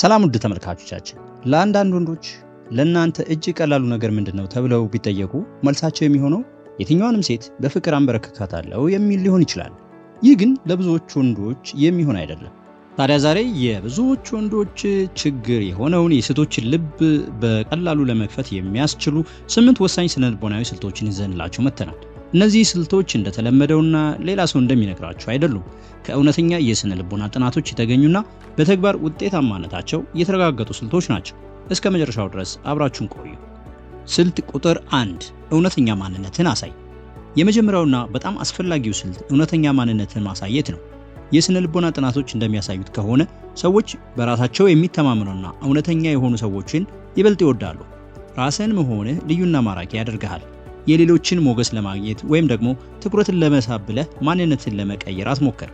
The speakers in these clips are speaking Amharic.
ሰላም ውድ ተመልካቾቻችን፣ ለአንዳንድ ወንዶች ለእናንተ እጅግ ቀላሉ ነገር ምንድን ነው ተብለው ቢጠየቁ መልሳቸው የሚሆነው የትኛዋንም ሴት በፍቅር አንበረክካታለሁ የሚል ሊሆን ይችላል። ይህ ግን ለብዙዎች ወንዶች የሚሆን አይደለም። ታዲያ ዛሬ የብዙዎች ወንዶች ችግር የሆነውን የሴቶችን ልብ በቀላሉ ለመክፈት የሚያስችሉ ስምንት ወሳኝ ስነልቦናዊ ስልቶችን ይዘንላችሁ መጥተናል። እነዚህ ስልቶች እንደተለመደውና ሌላ ሰው እንደሚነግራቸው አይደሉም። ከእውነተኛ የስነ ልቦና ጥናቶች የተገኙና በተግባር ውጤታማነታቸው የተረጋገጡ ስልቶች ናቸው። እስከ መጨረሻው ድረስ አብራችሁን ቆዩ። ስልት ቁጥር አንድ እውነተኛ ማንነትን አሳይ። የመጀመሪያውና በጣም አስፈላጊው ስልት እውነተኛ ማንነትን ማሳየት ነው። የስነ ልቦና ጥናቶች እንደሚያሳዩት ከሆነ ሰዎች በራሳቸው የሚተማመኑና እውነተኛ የሆኑ ሰዎችን ይበልጥ ይወዳሉ። ራስን መሆንህ ልዩና ማራኪ ያደርግሃል። የሌሎችን ሞገስ ለማግኘት ወይም ደግሞ ትኩረትን ለመሳብ ብለህ ማንነትን ለመቀየር አትሞክር።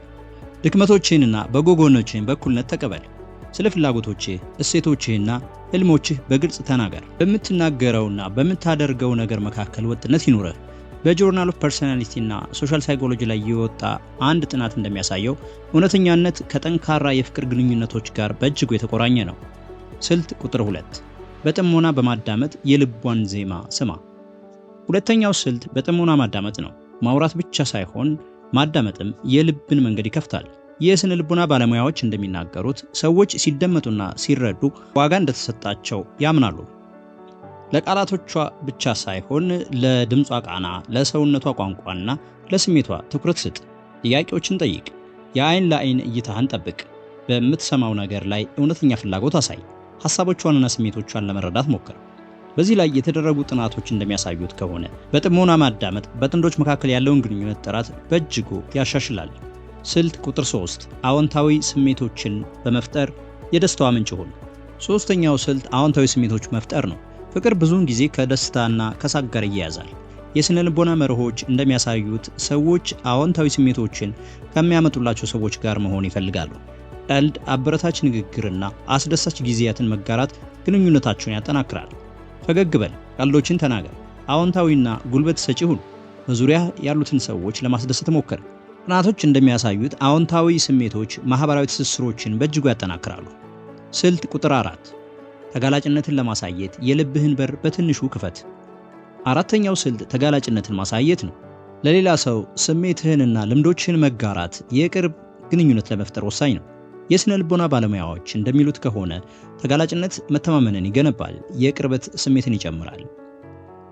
ድክመቶችህንና በጎ ጎኖችህን በእኩልነት ተቀበል። ስለ ፍላጎቶችህ፣ እሴቶችህና ህልሞችህ በግልጽ ተናገር። በምትናገረውና በምታደርገው ነገር መካከል ወጥነት ይኑርህ። በጆርናል ኦፍ ፐርሶናሊቲ ሶሻል ሳይኮሎጂ ላይ የወጣ አንድ ጥናት እንደሚያሳየው እውነተኛነት ከጠንካራ የፍቅር ግንኙነቶች ጋር በእጅጉ የተቆራኘ ነው። ስልት ቁጥር ሁለት በጥሞና በማዳመጥ የልቧን ዜማ ስማ። ሁለተኛው ስልት በጥሞና ማዳመጥ ነው። ማውራት ብቻ ሳይሆን ማዳመጥም የልብን መንገድ ይከፍታል። የስነ ልቦና ባለሙያዎች እንደሚናገሩት ሰዎች ሲደመጡና ሲረዱ ዋጋ እንደተሰጣቸው ያምናሉ። ለቃላቶቿ ብቻ ሳይሆን ለድምጿ ቃና፣ ለሰውነቷ ቋንቋና ለስሜቷ ትኩረት ስጥ። ጥያቄዎችን ጠይቅ። የአይን ለአይን እይታህን ጠብቅ። በምትሰማው ነገር ላይ እውነተኛ ፍላጎት አሳይ። ሐሳቦቿንና ስሜቶቿን ለመረዳት ሞክር። በዚህ ላይ የተደረጉ ጥናቶች እንደሚያሳዩት ከሆነ በጥሞና ማዳመጥ በጥንዶች መካከል ያለውን ግንኙነት ጥራት በእጅጉ ያሻሽላል። ስልት ቁጥር 3 አዎንታዊ ስሜቶችን በመፍጠር የደስታዋ ምንጭ ሁን። ሶስተኛው ስልት አዎንታዊ ስሜቶች መፍጠር ነው። ፍቅር ብዙውን ጊዜ ከደስታና ከሳቅ ጋር ይያያዛል። የስነ ልቦና መርሆች እንደሚያሳዩት ሰዎች አዎንታዊ ስሜቶችን ከሚያመጡላቸው ሰዎች ጋር መሆን ይፈልጋሉ። ቀልድ፣ አበረታች ንግግርና አስደሳች ጊዜያትን መጋራት ግንኙነታቸውን ያጠናክራል። ፈገግ በል፣ ቃሎችን ተናገር፣ አዎንታዊና ጉልበት ሰጪ ሁን። በዙሪያ ያሉትን ሰዎች ለማስደሰት ሞክር። ጥናቶች እንደሚያሳዩት አዎንታዊ ስሜቶች ማህበራዊ ትስስሮችን በእጅጉ ያጠናክራሉ። ስልት ቁጥር አራት ተጋላጭነትን ለማሳየት የልብህን በር በትንሹ ክፈት። አራተኛው ስልት ተጋላጭነትን ማሳየት ነው። ለሌላ ሰው ስሜትህንና ልምዶችህን መጋራት የቅርብ ግንኙነት ለመፍጠር ወሳኝ ነው። የስነ ልቦና ባለሙያዎች እንደሚሉት ከሆነ ተጋላጭነት መተማመንን ይገነባል፣ የቅርበት ስሜትን ይጨምራል።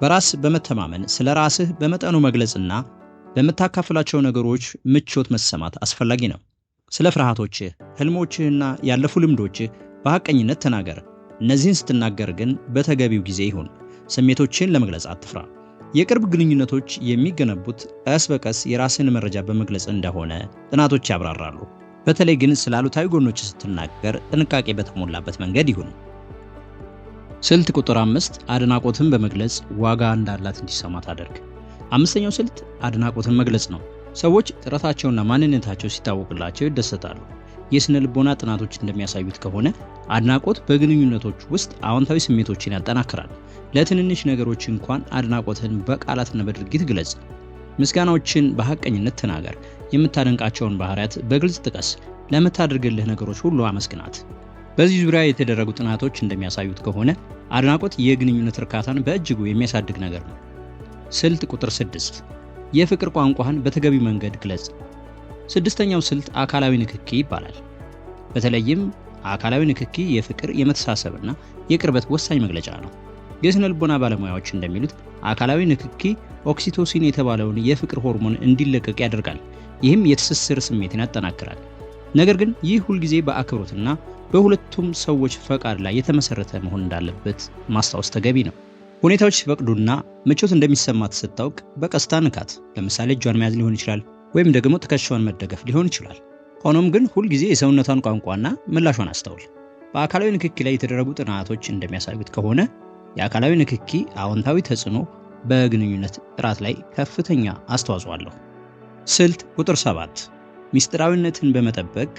በራስ በመተማመን ስለ ራስህ በመጠኑ መግለጽና በምታካፍላቸው ነገሮች ምቾት መሰማት አስፈላጊ ነው። ስለ ፍርሃቶችህ፣ ህልሞችህና ያለፉ ልምዶችህ በሐቀኝነት ተናገር። እነዚህን ስትናገር ግን በተገቢው ጊዜ ይሁን። ስሜቶችን ለመግለጽ አትፍራ። የቅርብ ግንኙነቶች የሚገነቡት ቀስ በቀስ የራስን መረጃ በመግለጽ እንደሆነ ጥናቶች ያብራራሉ። በተለይ ግን ስላሉታዊ ጎኖች ስትናገር ጥንቃቄ በተሞላበት መንገድ ይሁን። ስልት ቁጥር አምስት አድናቆትን በመግለጽ ዋጋ እንዳላት እንዲሰማ ታደርግ። አምስተኛው ስልት አድናቆትን መግለጽ ነው። ሰዎች ጥረታቸውና ማንነታቸው ሲታወቅላቸው ይደሰታሉ። የስነ ልቦና ጥናቶች እንደሚያሳዩት ከሆነ አድናቆት በግንኙነቶች ውስጥ አዎንታዊ ስሜቶችን ያጠናክራል። ለትንንሽ ነገሮች እንኳን አድናቆትን በቃላትና በድርጊት ግለጽ። ምስጋናዎችን በሐቀኝነት ተናገር። የምታደንቃቸውን ባህሪያት በግልጽ ጥቀስ። ለምታደርግልህ ነገሮች ሁሉ አመስግናት። በዚህ ዙሪያ የተደረጉ ጥናቶች እንደሚያሳዩት ከሆነ አድናቆት የግንኙነት እርካታን በእጅጉ የሚያሳድግ ነገር ነው። ስልት ቁጥር ስድስት የፍቅር ቋንቋህን በተገቢ መንገድ ግለጽ። ስድስተኛው ስልት አካላዊ ንክኪ ይባላል። በተለይም አካላዊ ንክኪ የፍቅር የመተሳሰብና የቅርበት ወሳኝ መግለጫ ነው። የስነ ልቦና ባለሙያዎች እንደሚሉት አካላዊ ንክኪ ኦክሲቶሲን የተባለውን የፍቅር ሆርሞን እንዲለቀቅ ያደርጋል። ይህም የትስስር ስሜትን ያጠናክራል። ነገር ግን ይህ ሁልጊዜ በአክብሮትና በሁለቱም ሰዎች ፈቃድ ላይ የተመሰረተ መሆን እንዳለበት ማስታወስ ተገቢ ነው። ሁኔታዎች ሲፈቅዱና ምቾት እንደሚሰማት ስታውቅ በቀስታ ንካት። ለምሳሌ እጇን መያዝ ሊሆን ይችላል፣ ወይም ደግሞ ትከሻዋን መደገፍ ሊሆን ይችላል። ሆኖም ግን ሁልጊዜ የሰውነቷን ቋንቋና ምላሿን አስተውል። በአካላዊ ንክኪ ላይ የተደረጉ ጥናቶች እንደሚያሳዩት ከሆነ የአካላዊ ንክኪ አዎንታዊ ተጽዕኖ በግንኙነት ጥራት ላይ ከፍተኛ አስተዋጽኦ አለው። ስልት ቁጥር 7 ሚስጥራዊነትን በመጠበቅ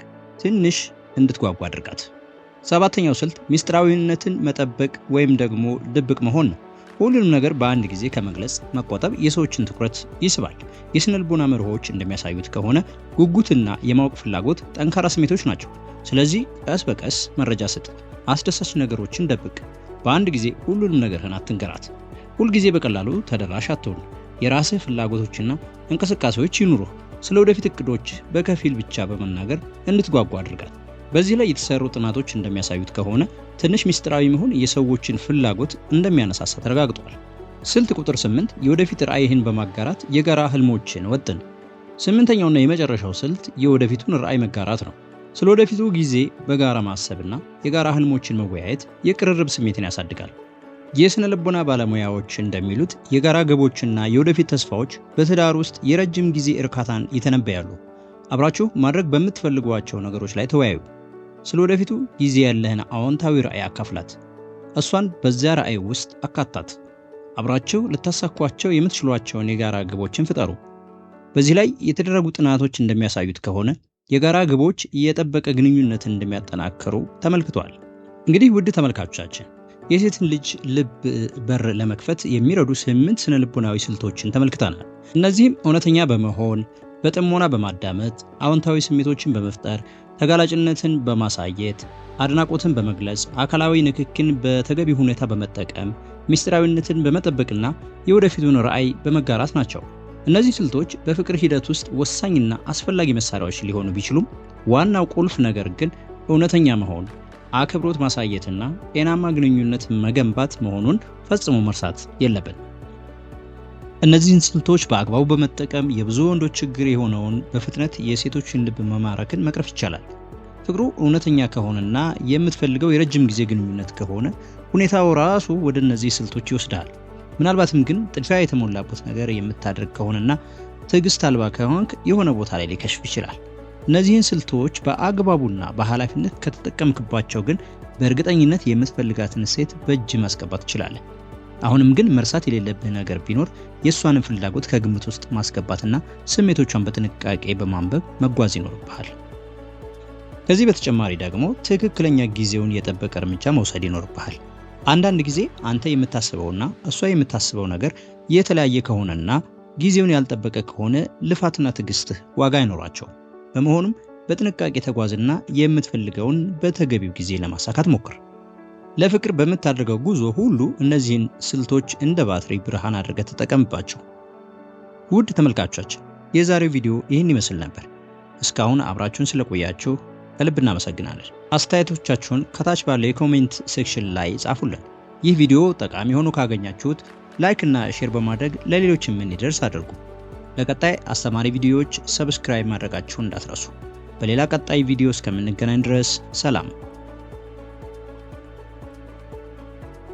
ትንሽ እንድትጓጓ አድርጋት። ሰባተኛው ስልት ሚስጥራዊነትን መጠበቅ ወይም ደግሞ ድብቅ መሆን ነው። ሁሉንም ነገር በአንድ ጊዜ ከመግለጽ መቆጠብ የሰዎችን ትኩረት ይስባል። የስነልቦና መርሆዎች እንደሚያሳዩት ከሆነ ጉጉትና የማወቅ ፍላጎት ጠንካራ ስሜቶች ናቸው። ስለዚህ ቀስ በቀስ መረጃ ስጥ፣ አስደሳች ነገሮችን ደብቅ። በአንድ ጊዜ ሁሉንም ነገርህን አትንገራት። ሁልጊዜ በቀላሉ ተደራሽ አትሆን። የራስህ ፍላጎቶችና እንቅስቃሴዎች ይኑሩህ። ስለ ወደፊት እቅዶች በከፊል ብቻ በመናገር እንድትጓጓ አድርጋት። በዚህ ላይ የተሰሩ ጥናቶች እንደሚያሳዩት ከሆነ ትንሽ ምስጢራዊ መሆን የሰዎችን ፍላጎት እንደሚያነሳሳ ተረጋግጧል። ስልት ቁጥር 8 የወደፊት ራዕይህን በማጋራት የጋራ ህልሞችን ወጥን። ስምንተኛውና የመጨረሻው ስልት የወደፊቱን ራዕይ መጋራት ነው። ስለ ወደፊቱ ጊዜ በጋራ ማሰብና የጋራ ህልሞችን መወያየት የቅርርብ ስሜትን ያሳድጋል። የስነ ልቦና ባለሙያዎች እንደሚሉት የጋራ ግቦችና የወደፊት ተስፋዎች በትዳር ውስጥ የረጅም ጊዜ እርካታን ይተነበያሉ። አብራችሁ ማድረግ በምትፈልጓቸው ነገሮች ላይ ተወያዩ። ስለ ወደፊቱ ጊዜ ያለህን አዎንታዊ ራዕይ አካፍላት። እሷን በዚያ ራዕይ ውስጥ አካታት። አብራችሁ ልታሳኳቸው የምትችሏቸውን የጋራ ግቦችን ፍጠሩ። በዚህ ላይ የተደረጉ ጥናቶች እንደሚያሳዩት ከሆነ የጋራ ግቦች የጠበቀ ግንኙነትን እንደሚያጠናክሩ ተመልክቷል። እንግዲህ ውድ ተመልካቾቻችን የሴትን ልጅ ልብ በር ለመክፈት የሚረዱ ስምንት ስነ ልቦናዊ ስልቶችን ተመልክተናል። እነዚህም እውነተኛ በመሆን በጥሞና በማዳመጥ አዎንታዊ ስሜቶችን በመፍጠር ተጋላጭነትን በማሳየት አድናቆትን በመግለጽ አካላዊ ንክክን በተገቢ ሁኔታ በመጠቀም ምስጢራዊነትን በመጠበቅና የወደፊቱን ራዕይ በመጋራት ናቸው። እነዚህ ስልቶች በፍቅር ሂደት ውስጥ ወሳኝና አስፈላጊ መሳሪያዎች ሊሆኑ ቢችሉም ዋናው ቁልፍ ነገር ግን እውነተኛ መሆን፣ አክብሮት ማሳየትና ጤናማ ግንኙነት መገንባት መሆኑን ፈጽሞ መርሳት የለብን። እነዚህን ስልቶች በአግባቡ በመጠቀም የብዙ ወንዶች ችግር የሆነውን በፍጥነት የሴቶችን ልብ መማረክን መቅረፍ ይቻላል። ፍቅሩ እውነተኛ ከሆነና የምትፈልገው የረጅም ጊዜ ግንኙነት ከሆነ ሁኔታው ራሱ ወደ እነዚህ ስልቶች ይወስዳል። ምናልባትም ግን ጥድፊያ የተሞላበት ነገር የምታደርግ ከሆነና ትዕግስት አልባ ከሆንክ የሆነ ቦታ ላይ ሊከሽፍ ይችላል። እነዚህን ስልቶች በአግባቡና በኃላፊነት ከተጠቀምክባቸው ግን በእርግጠኝነት የምትፈልጋትን ሴት በእጅ ማስገባት ትችላለህ። አሁንም ግን መርሳት የሌለብህ ነገር ቢኖር የእሷንም ፍላጎት ከግምት ውስጥ ማስገባትና ስሜቶቿን በጥንቃቄ በማንበብ መጓዝ ይኖርብሃል። ከዚህ በተጨማሪ ደግሞ ትክክለኛ ጊዜውን የጠበቀ እርምጃ መውሰድ ይኖርብሃል። አንዳንድ ጊዜ አንተ የምታስበውና እሷ የምታስበው ነገር የተለያየ ከሆነና ጊዜውን ያልጠበቀ ከሆነ ልፋትና ትዕግስትህ ዋጋ አይኖራቸውም። በመሆኑም በጥንቃቄ ተጓዝና የምትፈልገውን በተገቢው ጊዜ ለማሳካት ሞክር። ለፍቅር በምታደርገው ጉዞ ሁሉ እነዚህን ስልቶች እንደ ባትሪ ብርሃን አድርገህ ተጠቀምባቸው። ውድ ተመልካቾቻችን የዛሬው ቪዲዮ ይህን ይመስል ነበር። እስካሁን አብራችሁን ስለቆያችሁ ከልብ እናመሰግናለን። አስተያየቶቻችሁን ከታች ባለው የኮሜንት ሴክሽን ላይ ጻፉልን። ይህ ቪዲዮ ጠቃሚ ሆኖ ካገኛችሁት ላይክ እና ሼር በማድረግ ለሌሎችም እንዲደርስ አድርጉ። ለቀጣይ አስተማሪ ቪዲዮዎች ሰብስክራይብ ማድረጋችሁን እንዳትረሱ። በሌላ ቀጣይ ቪዲዮ እስከምንገናኝ ድረስ ሰላም።